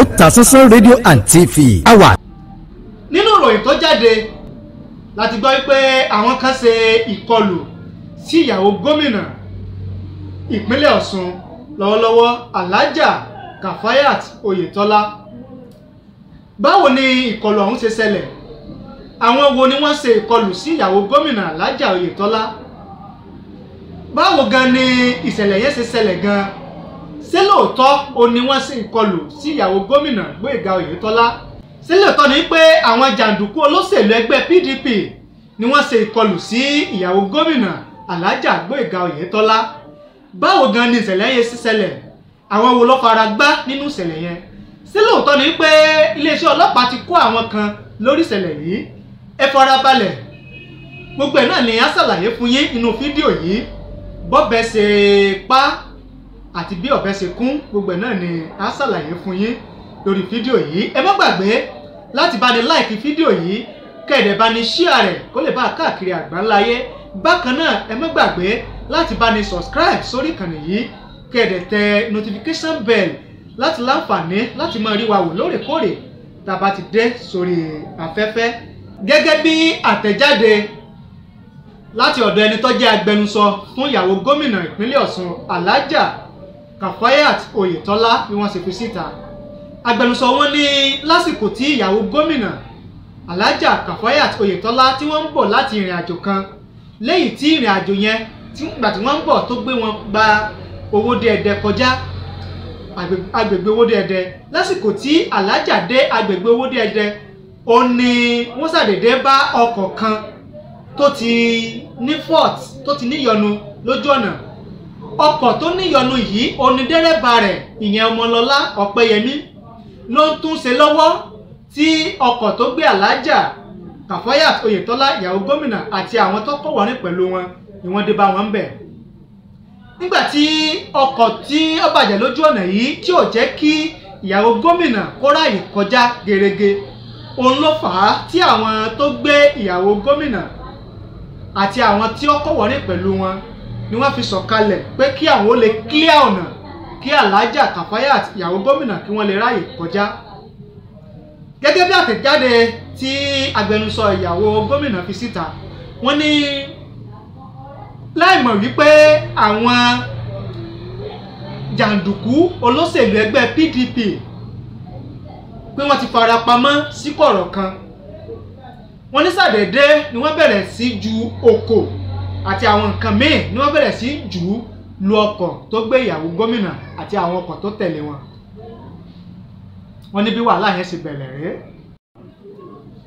Otasansan rédíò and TV àwa. nínú ìròyìn tó jáde láti gbọ́ pé àwọn kan ṣe ìkọlù sí ìyàwó gómìnà ìpínlẹ̀ Ọ̀ṣun lọ́wọ́lọ́wọ́ Alhaja Kafayat Oyetola báwo ni ìkọlù ọ̀hún ṣe ṣẹlẹ̀ àwọn wo ni wọ́n ṣe ìkọlù sí ìyàwó gómìnà Alhaja Oyetola báwo gan ni ìṣẹ̀lẹ̀ yẹn ṣe ṣẹlẹ̀ gan ṣé lóòótọ́ o ní wọ́n sì ń kọlù sí ìyàwó gómìnà Gbóyèga Oyètọ́lá ṣé lóòótọ́ ni pé àwọn jàǹdùkú olóṣèlú ẹgbẹ́ PDP ni wọ́n ṣe ìkọlù sí ìyàwó gómìnà Alhaja Gbóyèga Oyètọ́lá báwo gan ni ìṣẹ̀lẹ̀ yẹn sì ṣẹlẹ̀ àwọn wo ló fara gbá nínú ìṣẹ̀lẹ̀ yẹn ṣé lóòótọ́ ni pé iléeṣẹ́ ọlọ́pàá ti kó àwọn kan lórí ìṣẹ̀lẹ̀ yìí ẹ farabalẹ̀ gbogbo ẹ̀ náà ni a ṣàlàyé fún yín nínú fídíò yìí bọ́bẹ̀ ṣe pa àti bí ọ̀bẹ ṣe kún gbogbo ẹ̀ náà ni a ṣàlàyé fún yín lórí fídíò yìí ẹ má gbàgbé láti bá ní láìkí fídíò yìí kẹ̀dẹ̀ bá ní ṣíà rẹ̀ kó lè bá a káàkiri àgbáńláyé bákan náà ẹ má gbàgbé láti bá ní subscribe sórí ìkànnì yìí kẹ̀dẹ̀ tẹ notification bell láti láǹfààní láti máa rí wa wò lóòrèkóòrè tá a bá ti dé sórí afẹ́fẹ́ gẹ́gẹ́ bí àtẹ̀jáde láti ọ̀dọ̀ ẹni tó jẹ́ agbẹnusọ fún ìyàwó gómìnà ìpínlẹ̀ Ọ̀ṣun alájà Kafayat Oyetola bí wọ́n ṣe fi síta agbẹnusọ wọn ní lásìkò tí ìyàwó gómìnà Alhaja Kafayat Oyetola tí wọ́n ń bọ̀ láti ìrìn àjò kan lẹ́yìn tí ìrìn àjò yẹn nígbà tí wọ́n ń bọ̀ tó gbé wọn gba Owódé-Ẹdẹ kọjá agbègbè Owódé-Ẹdẹ lásìkò tí Alhaja dé agbègbè Owódé-Ẹdẹ ó ní wọ́n ṣàdédé bá ọkọ̀ kan tó ti ní fort tó ti níyọnu lójú ọ̀nà ọkọ̀ tó níyọnu yìí onídẹ́rẹ́bà rẹ̀ ìyẹn ọmọlọ́lá ọ̀pẹ́yẹmí ló ń tún ṣe lọ́wọ́ tí ọkọ̀ tó gbé aláàjà kàfáyàt oyètọ́lá ìyàwó gómìnà àti àwọn tó kọ̀ wọ́rin pẹ̀lú wọn ni wọ́n dé bá wọn bẹ̀. nígbà tí ọkọ̀ tí ó bàjẹ́ lójú ọ̀nà yìí tí ò jẹ́ kí ìyàwó gómìnà kó ráàyè kọjá gerege òun ló fà á tí àwọn tó gbé ìyàwó gómìnà àti àwọn tí ó kọ̀ wọ́rin pẹ̀lú wọn ni wọ́n fi sọ̀kalẹ̀ pé kí àwọn ó lè clear ọ̀nà kí alájà Kafayat ìyàwó gómìnà kí wọ́n lè ráàyè kọjá gẹ́gẹ́ bí àtẹ̀jáde tí agbẹnusọ ìyàwó gómìnà fi síta wọ́n ní láìmọ̀ wípé àwọn jàǹdùkú olóṣèlú ẹgbẹ́ PDP pé wọ́n ti fara pamọ́ sí kọ̀rọ̀ kan wọ́n ní sàdédé ni wọ́n bẹ̀rẹ̀ sí ju ọkọ̀ àti àwọn nǹkan míì ni wọ́n bẹ̀rẹ̀ sí jù ú lu ọkọ̀ tó gbé ìyàwó gómìnà àti àwọn ọkọ̀ tó tẹ̀lé wọn wọ́n ní bí wàhálà yẹn ṣe bẹ̀rẹ̀ rèé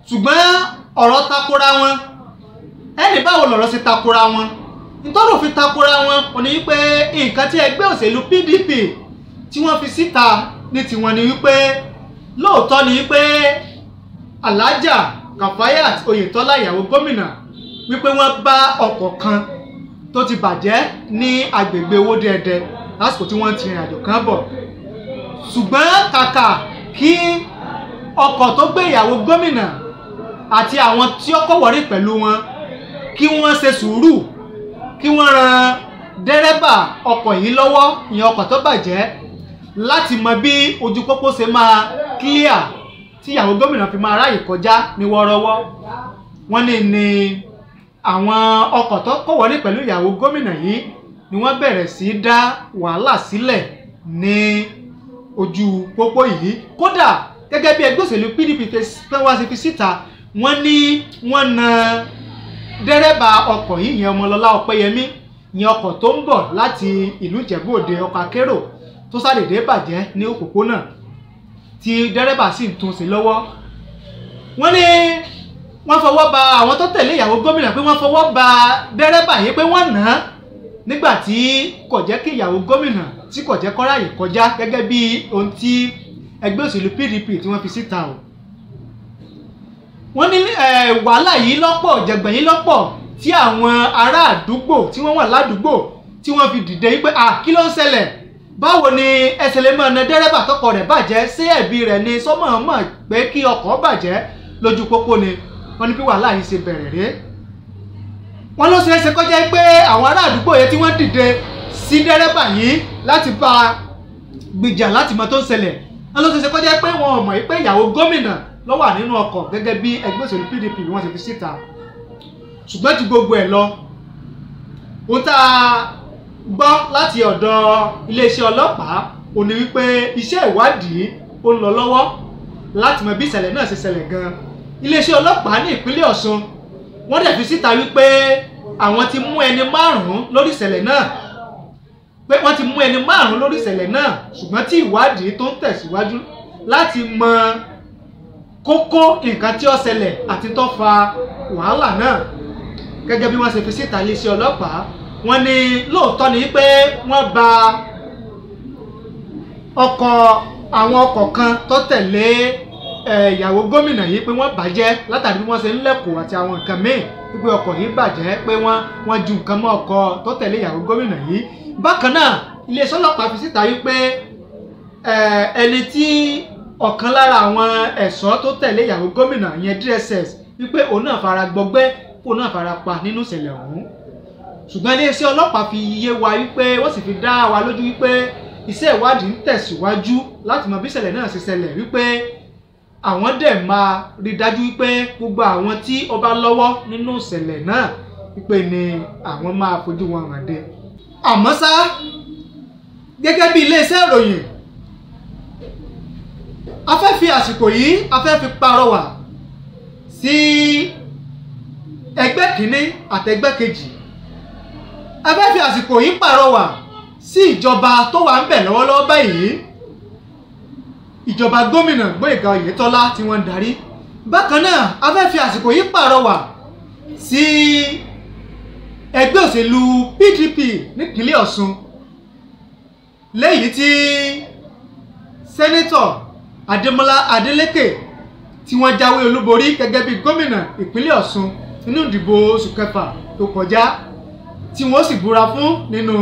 ṣùgbọ́n ọ̀rọ̀ takora wọn ẹ̀rì báwo lọ̀rọ̀ ṣe takora wọn nítorí òfin takora wọn kò ní wípé nǹkan tí ẹgbẹ́ òṣèlú PDP tí wọ́n fi síta ní tiwọn ni wípé lóòótọ́ ni wípé Alhaja Kafayat Oyetola ìyàwó gómìnà wípé wọ́n bá ọkọ̀ kan tó ti bàjẹ́ ní agbègbè owóde ẹdẹ lásìkò tí wọ́n ti rìn àjò kan bọ̀ ṣùgbọ́n kàkà kí ọkọ̀ tó gbé ìyàwó gómìnà àti àwọn tí ó kọ̀wọ́rí pẹ̀lú wọn kí wọ́n ṣe sùúrù kí wọ́n ran dẹ́rẹ́bà ọkọ̀ yìí lọ́wọ́ ìyẹn ọkọ̀ tó bàjẹ́ láti mọ bí ojú pópó ṣe máa clear tí ìyàwó gómìnà fi máa ráàyè kọjá ní wọ́ọ́rọ́wọ́ wọ́n ní ní àwọn ọkọ̀ tó kó wọlé pẹ̀lú ìyàwó gómìnà yìí ni wọ́n bẹ̀rẹ̀ sí í dá wàhálà sílẹ̀ ní ojú pópó yìí kódà gẹ́gẹ́ bí ẹgbẹ́ òṣèlú PDP wá sí fi síta wọ́n ní wọ́n na dẹ́rẹ́bà ọkọ̀ yìí ìyẹn ọmọlọ́lá ọpẹ́yẹmí ìyẹn ọkọ̀ tó ń bọ̀ láti ìlú ìjẹ̀bú òde ọkọ̀ akérò tó sàdédé bàjẹ́ ní òpópónà tí dẹ́rẹ́bà sì ń tún sí lọ́wọ́ wọ́n ní wọ́n fọwọ́ ba àwọn tó tẹ̀lé ìyàwó gómìnà pé wọ́n fọwọ́ ba dẹ́rẹ́bà yìí pé wọ́n nà á nígbà tí kò jẹ́ kí ìyàwó gómìnà tí kò jẹ́ kọ́ráyè kọjá gẹ́gẹ́ bí ohun tí ẹgbẹ́ òṣèlú PDP tí wọ́n fi síta o. wọ́n ní wàhálà yìí lọ́pọ̀ jẹ̀gbẹ̀ yìí lọ́pọ̀ tí àwọn ará àdúgbò tí wọ́n wà ládùúgbò tí wọ́n fi dìde yìí pé à kí ló ń ṣẹlẹ̀ báwo ni ẹsẹ̀ lè máa dẹ́rẹ́bà tọkọ rẹ̀ bàjẹ́ ṣé ẹ̀bi rẹ̀ ni sọ́mọ̀ pé kí ọkọ̀ bàjẹ́ lójú pópó ni wọ́n ní bí wàhálà yìí ṣe bẹ̀rẹ̀ rèé wọ́n ló ṣe é ṣe kọjá pé àwọn ará àdúgbò yẹn tí wọ́n dìde sí dẹ́rẹ́bà yìí láti bá a gbìjà láti mọ tó ń ṣẹlẹ̀ wọ́n ló ṣe é ṣe kọjá pé wọn ò mọ̀ pé ìyàwó gómìnà ló wà nínú ọkọ̀ gẹ́gẹ́ bí ẹgbẹ́ òṣèlú PDP wọ́n ṣe fi síta ṣùgbọ́n ju gbogbo ẹ̀ lọ ohun tá a gbọ́ láti ọ̀dọ̀ iléeṣẹ́ ọlọ́pàá òní wípé iṣẹ́ ìwádìí ó ń lọ lọ́wọ́ láti mọ bí ìṣẹ̀lẹ̀ náà ṣe ṣẹlẹ̀ gan-an iléeṣẹ́ ọlọ́pàá ní ìpínlẹ̀ Ọ̀ṣun wọ́n dẹ̀ fi síta wípé àwọn ti mú ẹni márùn-ún lórí ìṣẹ̀lẹ̀ náà pé wọ́n ti mú ẹni márùn-ún lórí ìṣẹ̀lẹ̀ náà ṣùgbọ́n tí ìwádìí tó ń tẹ̀síwájú láti mọ kókó nǹkan tí ó ṣẹlẹ̀ àti tó fa wàhálà náà gẹ́gẹ́ bí wọ́n ṣe fi síta iléeṣẹ́ ọlọ́pàá wọ́n ní lóòótọ́ ni pé wọ́n ba ọkọ̀ àwọn ọkọ̀ kan tó tẹ̀lé ìyàwó gómìnà yìí pé wọ́n bàjẹ́ látàrí bí wọ́n ṣe ń lẹ́kọ̀ọ́ àti àwọn nǹkan míì wípé ọkọ̀ yìí bàjẹ́ pé wọ́n wọ́n ju nǹkan mọ́ ọkọ̀ tó tẹ̀lé ìyàwó gómìnà yìí bákan náà iléeṣẹ́ ọlọ́pàá fi síta wípé ẹni tí ọ̀kan lára àwọn ẹ̀ṣọ́ tó tẹ̀lé ìyàwó gómìnà yẹn DSS wípé òun náà fara gbọgbẹ́ òun náà fara pa nínú ìṣẹ̀lẹ̀ ọ̀hún ṣùgbọ́n iléeṣẹ́ ọlọ́pàá fi yé wa wípé wọ́n sì fi dá wa lójú wípé iṣẹ́ ìwádìí ń tẹ̀síwájú láti mọ bí ìṣẹ̀lẹ̀ náà ṣe ṣẹlẹ̀ wípé àwọn dẹ̀ máa rí dájú wípé gbogbo àwọn tí ó bá lọ́wọ́ nínú ìṣẹ̀lẹ̀ náà wípé ni àwọn máa fojú wọn hàn dé. àmọ́ ṣá gẹ́gẹ́ bí iléeṣẹ́ ìròyìn a fẹ́ fi àsìkò yìí a fẹ́ fi parọ́wà sí ẹgbẹ́ kínní àtẹgbẹ́ kejì a fẹ́ fi àsìkò yìí parọ́wà sí ìjọba tó wà ń bẹ̀ lọ́wọ́lọ́wọ́ báyìí ìjọba gómìnà Gbóyèga Oyètọ́lá tí wọ́n ń darí bákan náà a fẹ́ fi àsìkò yìí pàrọwà sí ẹgbẹ́ òṣèlú PDP nípínlẹ̀ Ọ̀ṣun léyìí tí sẹ́nẹ́tọ̀ Adémọ́lá Adélékè tí wọ́n jáwé olúborí gẹ́gẹ́ bí gómìnà ìpínlẹ̀ Ọ̀ṣun nínú ìdìbò oṣù kẹfà tó kọjá tí wọ́n sì búra fún nínú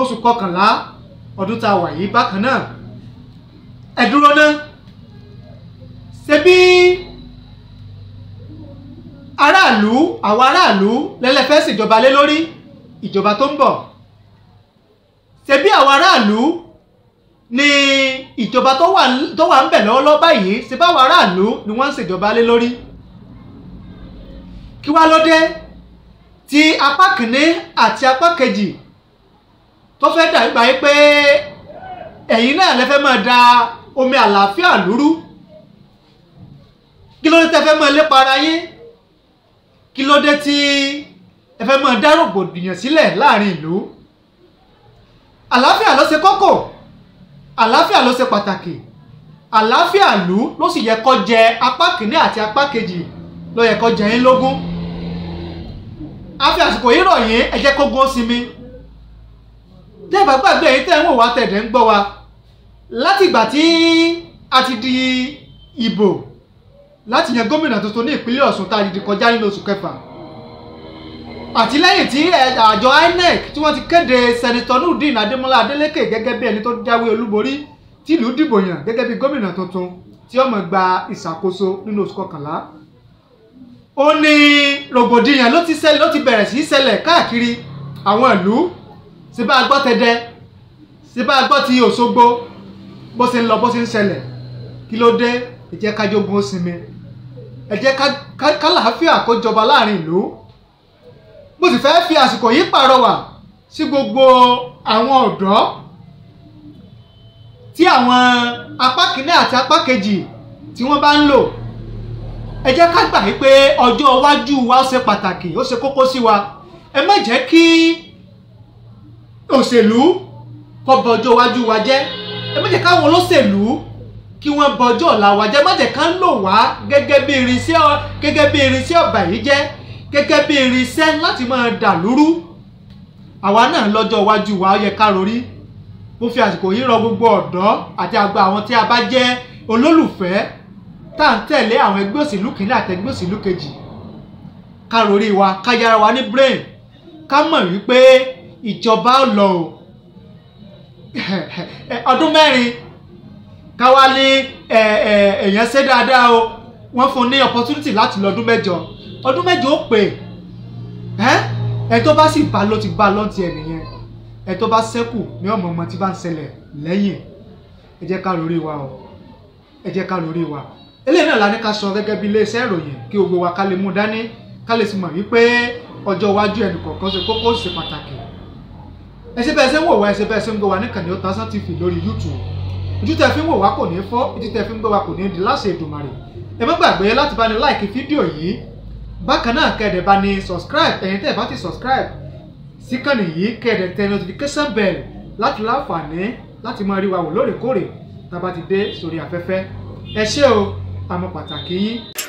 oṣù kọkànlá ọdún tá a wà yìí bákan náà ẹ dúró náà ṣebí aráàlú àwọn aráàlú lẹ́lẹ́fẹ́ ṣèjọba lé lórí ìjọba tó ń bọ̀ ṣebí àwọn aráàlú ni ìjọba tó wà ń bẹ̀ lọ́wọ́lọ́wọ́ báyìí ṣe bá àwọn aráàlú ni wọ́n ń ṣèjọba lé lórí kí wá ló dé tí apá kìíní àti apá kejì tó fẹ́ dàgbà yìí pé ẹ̀yin náà lè máa da omi àlàáfíà lúrú kí ló dé tẹ́ fẹ́ mọ́ ilé para yín kí ló dé tí ẹ fẹ́ mọ́ dá rògbòdìyàn sílẹ̀ láàrin ìlú àlàáfíà ló ṣe kókó àlàáfíà ló ṣe pàtàkì àlàáfíà ìlú ló sì yẹ kó jẹ apá kìíní àti apá kejì ló yẹ kó jẹ yín lógún a fi àsìkò yìí rọ̀ yín ẹ jẹ́ kó gún ó sinmi tẹ́ ẹ bá gbàgbé èyí tẹ́ ń wò wá tẹ̀dẹ̀ ń gbọ́ wa láti ìgbà tí a ti di ìbò láti yan gómìnà tuntun ní ìpínlẹ̀ Ọ̀ṣun tá a dìde kọjá nínú oṣù kẹfà àtìlẹ́yìn tí eh, àjọ INEC tí wọ́n ti kéde sẹ́nitọ́ nùdín adémọ́lá adélékè gẹ́gẹ́ bí ẹni tó jáwé olúborí tìlú dìbò yàn gẹ́gẹ́ bí gómìnà tuntun tí ó máa gba ìṣàkóso nínú oṣù kọkànlá ó ní rògbòdìyàn ló ti ṣẹlẹ̀ ló ti bẹ̀rẹ̀ sí í ṣẹlẹ̀ káàkiri àwọn ìlú síbá gbọ́ tẹdẹ síbá gbọ́ ti òṣogbo bó ṣe ń lọ bó ṣe ń ṣẹlẹ̀ kí ló dé ẹ jẹ́ kájọgún ó sinmi ẹ jẹ́ kálàáfíà kó jọba láàrin ìlú mo sì fẹ́ fi àsìkò yìí pàrọwà sí gbogbo àwọn ọ̀dọ́ tí àwọn apá kìíní àti apá kejì tí wọ́n bá ń lò ẹ jẹ́ ká gbà wípé ọjọ́ iwájú wa ṣe pàtàkì ó ṣe kókó sí wa ẹ má jẹ́ kí òṣèlú kó bọ ọjọ́ iwájú wa jẹ́ ẹ má jẹ́ káwọn olóṣèlú kí wọ́n bọ ọjọ́ ọ̀la wa jẹ́ má jẹ́ ká lò wá gẹ́gẹ́ bí irinṣẹ́ gẹ́gẹ́ bí irinṣẹ́ ọ̀bàyéjẹ́ gẹ́gẹ́ bí irinṣẹ́ láti máa dà lúrú àwa náà lọ́jọ́ iwájú wa ó yẹ ká rorí mo fi àsìkò yìí rọ gbogbo ọ̀dọ́ àti àgbà àwọn tí a bá jẹ́ olólùfẹ́ tá à ń tẹ̀lé àwọn ẹgbẹ́ òṣèlú kìíní àti ẹgbẹ́ òṣèlú kejì ká rorí wa ká yára wa ní brain ká mọ̀ wípé ìjọba ò ọdún mẹ́rin káwá ní èèyàn ṣe dáadáa o wọ́n fún un ní opportunity láti lọ́dún mẹ́jọ ọdún mẹ́jọ ó pè ẹ tó bá sì bá ló ti bá lọ́ọ̀tì ẹ̀ nìyẹn ẹ tó bá ṣẹ́kù ní ọmọ ọmọ tí bá ń ṣẹlẹ̀ lẹ́yìn ẹ jẹ́ ká lórí wa o ẹ jẹ́ ká lórí wa eléyìí náà la ní ká sọ gẹ́gẹ́ bí iléeṣẹ́ ìròyìn kí gbogbo wa ká lè mú dání ká lè sì mọ̀ wípé ọjọ́ iwájú ẹnì kọ̀ọ̀kan ṣe kókó ṣe pàtàkì ẹ ṣe bẹ́ẹ̀ ṣe ń wò wá ẹ ṣe bẹ́ẹ̀ ṣe ń gbọ́ wá níkànnì Otasansan TV lórí YouTube ojú tẹ fi ń wò wá kò ní fọ́ ojú tẹ fi ń gbọ́ wá kò ní di láṣẹ Èdùmàrè ẹ má gbàgbé láti bá ní láìkí fídíò yìí bákan náà kẹ̀dẹ̀ bá ní subscribe ẹ̀yin tẹ́ ẹ̀ bá ti subscribe síkànnì yìí kẹ̀dẹ̀ tẹ notification bell láti láǹfààní láti máa rí wa wò lóòrèkóòrè tá a bá ti dé sórí afẹ́fẹ́ ẹ ṣé o àmọ́ pàtàkì yín.